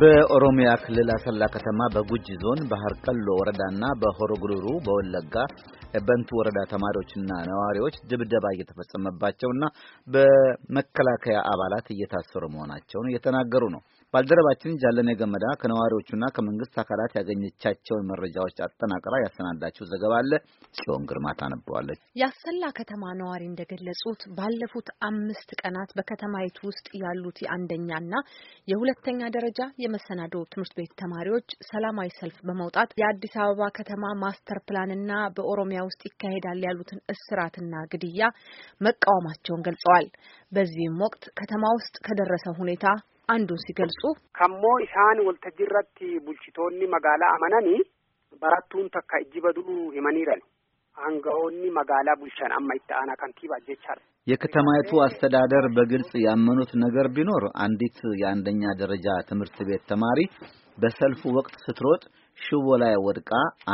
በኦሮሚያ ክልል አሰላ ከተማ በጉጂ ዞን ባህር ቀሎ ወረዳና በሆሮ በወለጋ በንቱ ወረዳ ተማሪዎችና ነዋሪዎች ድብደባ እየተፈጸመባቸውና በመከላከያ አባላት እየታሰሩ መሆናቸውን እየተናገሩ ነው። ባልደረባችን ጃለኔ ገመዳ ከነዋሪዎቹና ከመንግስት አካላት ያገኘቻቸውን መረጃዎች አጠናቅራ ያሰናዳችው ዘገባ አለ። ጽዮን ግርማ ታነበዋለች። የአሰላ ከተማ ነዋሪ እንደገለጹት ባለፉት አምስት ቀናት በከተማይቱ ውስጥ ያሉት የአንደኛና የሁለተኛ ደረጃ የመሰናዶ ትምህርት ቤት ተማሪዎች ሰላማዊ ሰልፍ በመውጣት የአዲስ አበባ ከተማ ማስተር ፕላንና በኦሮሚያ ውስጥ ይካሄዳል ያሉትን እስራትና ግድያ መቃወማቸውን ገልጸዋል። በዚህም ወቅት ከተማ ውስጥ ከደረሰው ሁኔታ አንዱን ሲገልጹ ከሞ ኢሳን ወልተጅረት ቡልችቶኒ መጋላ አመናኒ በራቱን ተካ እጅ በዱሉ ሂመኒረን አንጋሆኒ መጋላ ቡልቻን አማ ከንቲባ ጀቻል የከተማይቱ አስተዳደር በግልጽ ያመኑት ነገር ቢኖር አንዲት የአንደኛ ደረጃ ትምህርት ቤት ተማሪ በሰልፉ ወቅት ስትሮጥ ሽቦ ላይ ወድቃ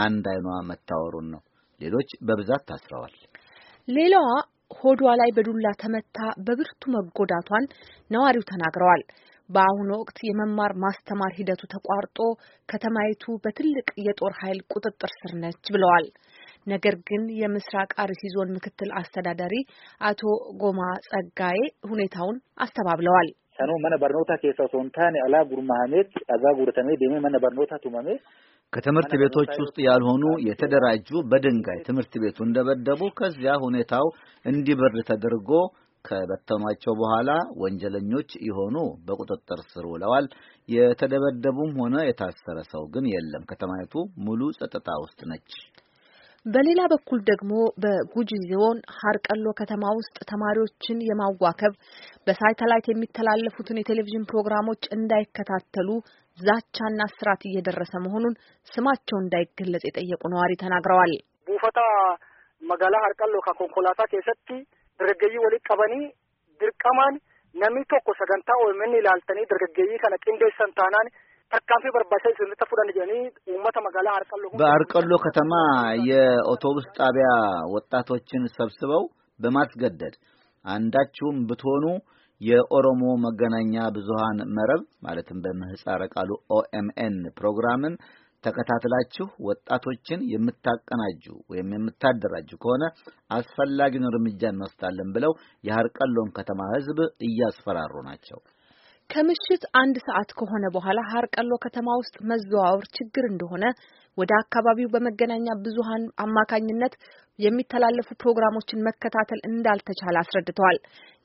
አንድ አይኗ መታወሩን ነው። ሌሎች በብዛት ታስረዋል። ሌላዋ ሆዷ ላይ በዱላ ተመታ በብርቱ መጎዳቷን ነዋሪው ተናግረዋል። በአሁኑ ወቅት የመማር ማስተማር ሂደቱ ተቋርጦ ከተማይቱ በትልቅ የጦር ኃይል ቁጥጥር ስር ነች ብለዋል። ነገር ግን የምስራቅ አርሲ ዞን ምክትል አስተዳዳሪ አቶ ጎማ ጸጋዬ ሁኔታውን አስተባብለዋል። Kanuu mana barnootaa keessa osoo hin taane alaa gurmaahameet dhagaa guuratamee deemee mana barnootaa tumame ከትምህርት ቤቶች ውስጥ ያልሆኑ የተደራጁ በድንጋይ ትምህርት ቤቱን ደበደቡ። ከዚያ ሁኔታው እንዲበርድ ተደርጎ ከበተኗቸው በኋላ ወንጀለኞች የሆኑ በቁጥጥር ስር ውለዋል። የተደበደቡም ሆነ የታሰረ ሰው ግን የለም። ከተማይቱ ሙሉ ጸጥታ ውስጥ ነች። በሌላ በኩል ደግሞ በጉጂ ዞን ሀርቀሎ ከተማ ውስጥ ተማሪዎችን የማዋከብ በሳተላይት የሚተላለፉትን የቴሌቪዥን ፕሮግራሞች እንዳይከታተሉ ዛቻና እስራት እየደረሰ መሆኑን ስማቸው እንዳይገለጽ የጠየቁ ነዋሪ ተናግረዋል። ቡፈታ መጋላ ሀርቀሎ ከኮንኮላታ ኬሰቲ ድርገይ ወሊ ቀበኒ ድርቀማን ነሚ ቶኮ ሰገንታ ኦመን ኢላልተኒ ድርገይ ከነ ቅንዴሰን ታናን ውመተ መጋላ አርቀሎ በአርቀሎ ከተማ የኦቶቡስ ጣቢያ ወጣቶችን ሰብስበው በማስገደድ አንዳችሁም ብትሆኑ የኦሮሞ መገናኛ ብዙሃን መረብ ማለትም በምህፃረ ቃሉ ኦኤምኤን ፕሮግራምን ተከታትላችሁ ወጣቶችን የምታቀናጁ ወይም የምታደራጁ ከሆነ አስፈላጊውን እርምጃ እንወስዳለን ብለው የአርቀሎን ከተማ ህዝብ እያስፈራሩ ናቸው። ከምሽት አንድ ሰዓት ከሆነ በኋላ ሀርቀሎ ከተማ ውስጥ መዘዋወር ችግር እንደሆነ ወደ አካባቢው በመገናኛ ብዙሃን አማካኝነት የሚተላለፉ ፕሮግራሞችን መከታተል እንዳልተቻለ አስረድተዋል።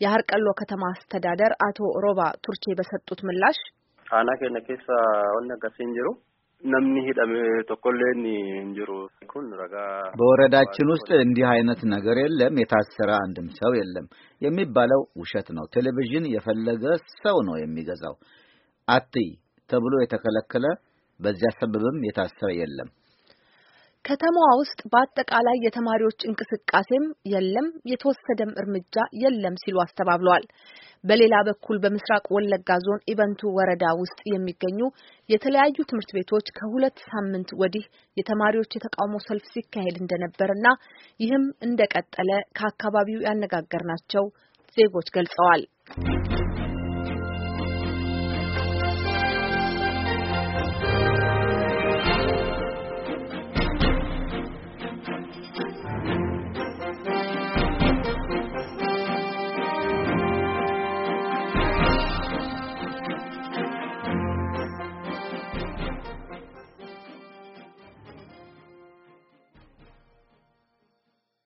የሀርቀሎ ከተማ አስተዳደር አቶ ሮባ ቱርቼ በሰጡት ምላሽ አና ኬነ ኬሳ ኦነ namni hidhame tokkolleen እንጅሩ kun ረጋ በወረዳችን ውስጥ እንዲህ አይነት ነገር የለም፣ የታሰረ አንድም ሰው የለም የሚባለው ውሸት ነው። ቴሌቪዥን የፈለገ ሰው ነው የሚገዛው። አትይ ተብሎ የተከለከለ በዚያ ሰበብም የታሰረ የለም። ከተማዋ ውስጥ በአጠቃላይ የተማሪዎች እንቅስቃሴም የለም፣ የተወሰደም እርምጃ የለም ሲሉ አስተባብለዋል። በሌላ በኩል በምስራቅ ወለጋ ዞን ኢቨንቱ ወረዳ ውስጥ የሚገኙ የተለያዩ ትምህርት ቤቶች ከሁለት ሳምንት ወዲህ የተማሪዎች የተቃውሞ ሰልፍ ሲካሄድ እንደነበርና ይህም እንደቀጠለ ከአካባቢው ያነጋገርናቸው ዜጎች ገልጸዋል።